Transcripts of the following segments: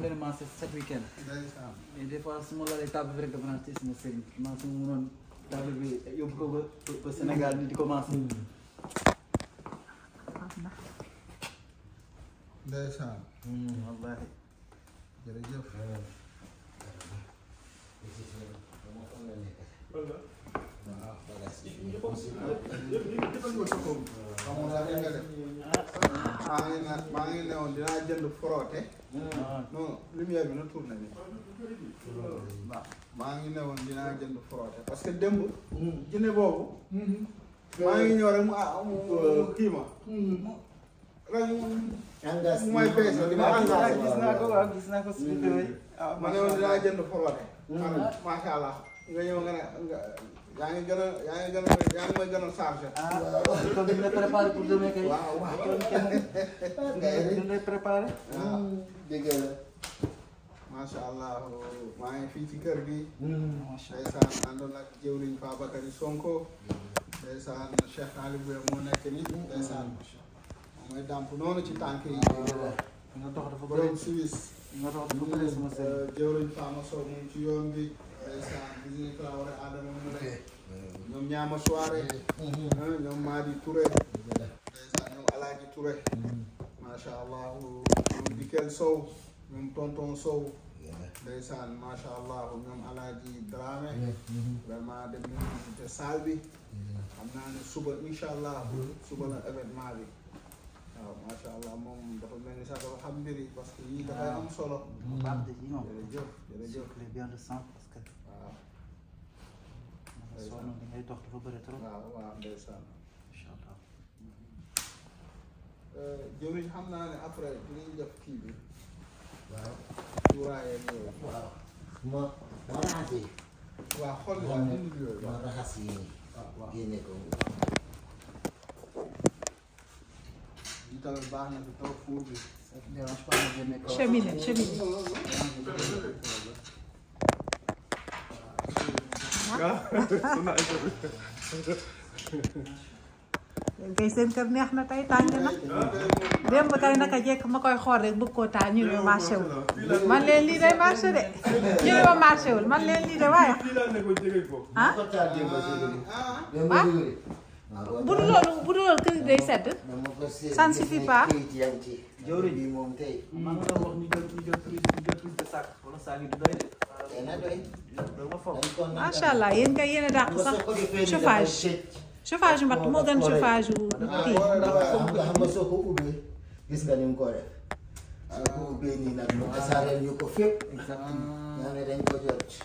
benn chaque week-end mais des fois su ma laalee table bi rek dafa naan ci sama sëriñ man su ma mënoon table bi yóbbu ko ba ba Sénégal ni di commencé. ndeysaan. wallaahi. jërëjëf. waaw. maa ngi ne maa ngi ne woon dinaa jënd frotté non lumière bi na tourné bi waaw maa ngi ne woon dinaa jënd frotté parce que démb jinne boobu maa ngi ñëw rek mu ah mu kii ma rek mu ma engagé gis naa ko waaw gis naa ko ma ne woon dinaa jënd frotté macha allah nga ñëw nga ne nga yaa ngi gën a yaa ngi gën a yaa ngi may gën a chargé. ah kon dañu lay préparé pour demee kay. waaw waaw kon kenn lay préparé. waaw ah, dégg nga. macha allah maa ngi fii ci kër gi. Hmm, macha allah ndeysaan àndoon ak jëwriñ Babacar Sonko. ndeysaan Cheikh Aliou moo nekk nii. Hmm, ndeysaan mooy dàmp noonu ci tànk yi. Ah, nga dox dafa bëri borom Suisse. nga dox dafa bëri sama sëriñ. Euh, jëwriñ Fama Sow mu ngi ci yoon bi. ndeysaan gis nga Traoré Adama Mouré ñoom ñaama soirée ñoom Madi Touré ndeysaan ñoom Alaaji Touré mm-hmm. macha allah ñoom Dikel Sow ñoom tonton Sow ndeysaan macha allah ñoom Alaaji Dramé mm-hmm. vraiment dem nañu bi xam naa ne suba incha allah suba la événement bi waaw macha allah moom dafa mel ni sax dafa xam mbir yi parce que yii dafay am solo. on parle de yii moom jërëjëf jërëjëf les biens de sang parce que. waaw. ndeysaan li ngay dox dafa bëri trop. waaw waaw ndeysaan. incha allah. Euh, jëriñ xam naa ne après dinañ def kii bi. waaw. tuuraay ak yooyu. waaw. ma ma raxas yi. waaw xool nga. ma raxas yi. waaw génne ko. tamit baax na fi toog fuur bi. cheminée cheminée. kay seen kër neex na tey tàng na démb kay naka jekk ma koy xool rek bëgg koo taal ñu ne marché wul man leen lii day marché de ñu ne ma marché wul man leen lii de waaye ah, ah? bu du loolu bu du loolu kër day sedd ça ne suffit pas. jëwriñ bi moom tey. maa ngi doon wax ñu jël ñu jël prise ñu jël prise de sac wala sac yi du doy de. macha allah yéen kay yéen a dàq sax chauffage chauffage mbatt moo gën chauffage wu kii. xam nga soo ko ubbee gis nga ni mu ko def soo ah, ko ubbee nii nag mu tasaareel ñu ko fépp. dañ ko jot.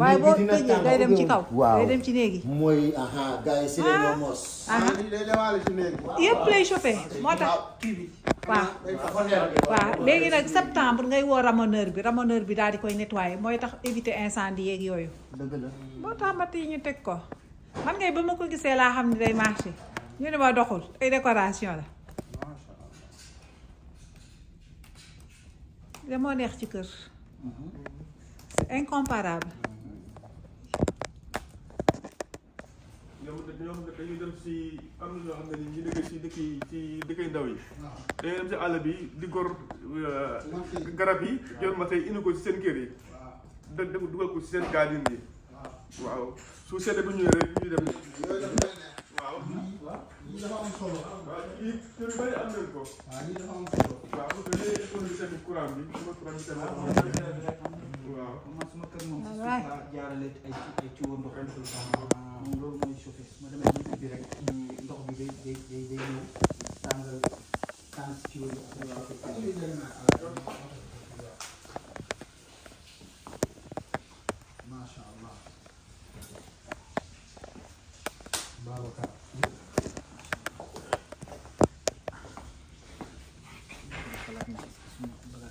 waaye boo tëjee day dem ci kaw. waaw day dem ci néeg yi. Ah, mooy ah, lay chauffé moo tax. waaw waaw léegi nag septembre ngay woo ramoneur bi ramoneur bi daal di koy nettoyé mooy tax éviter incendie yeeg yooyu. dëgg moo tax matt yi ñu teg ko. man ngay ba ma ko gisee laa xam ne day marché ñu ne ma doxul ay la. damoo neex ci kër. Mhm. incomparables. ñoom ñoom dañuy dem si am na ñoo xam ne ñu ngi dëkk si dëkk yi si dëkk ndaw yi. dañuy dem si àll bi di gor garab yi. waaw jël matay indi ko si seen kër yi. da dem dugal ko si seen gardin yi. waaw su sedd bi ñëwee rek ñu dem. waaw. waaw lii dafa am solo. waaw lii kër bëri am nañ ko. waaw lii dafa am solo. waaw bu dee courant bi sama courant bi tamit. waaw man sama kër moom si suuf laa jaarale ay ay ciwo ndox mi tout le temps. moom loolu mooy chauffé ma demee nii bi rek ndox bi day day day ñëw tàngal tànn si ciwo bi.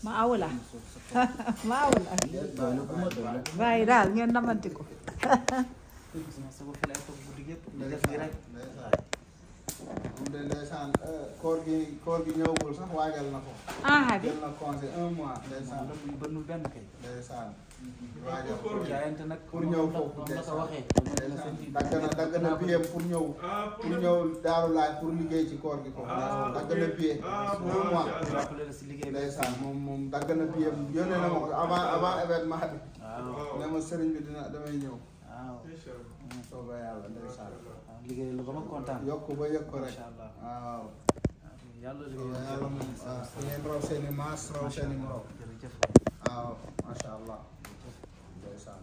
maawula maawula waaye daal ngeen namanti ko moom de ndeysaan euh, koor gi koor gi ñëwagul sax waajal na ko. ah, ah mois. ndeysaan moom la muy benn kay. pour ñëw foofu ndeysaan ndeysaan dagg na dagg na billet pour ñëw. Ah, pour ñëw daaru laaj pour liggéey ci koor gi foofu. Ah, ndeysaan dagg na billet un mois. ndeysaan moom moom dagg na billet yónnee na ma ko avant avant événement bi. waaw ne ma sëriñ bi damay ñëw. waaw. soobee yàlla ndeysaan. liggéey la ba ma kontaan. yokk ba yokk rek macha allah waaw. yàlla liggéey yàlla moom waaw su ngeen raw seen i maas raw seen i morom. jërëjëf waaw macha allah. ndeysaan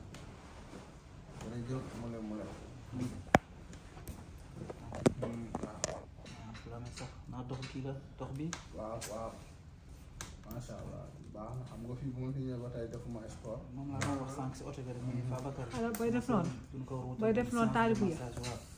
jërëjëf mu ne mu ne. Hmm. waaw. sax naa dox kii la dox bi. waaw waaw. macha allah baax na xam nga fii bu ma fi ñëwee ba tey defuma sport. moom laa doon wax sànq si oto bi rek. Babacar. alors booy def noonu. booy def noonu taalibu ya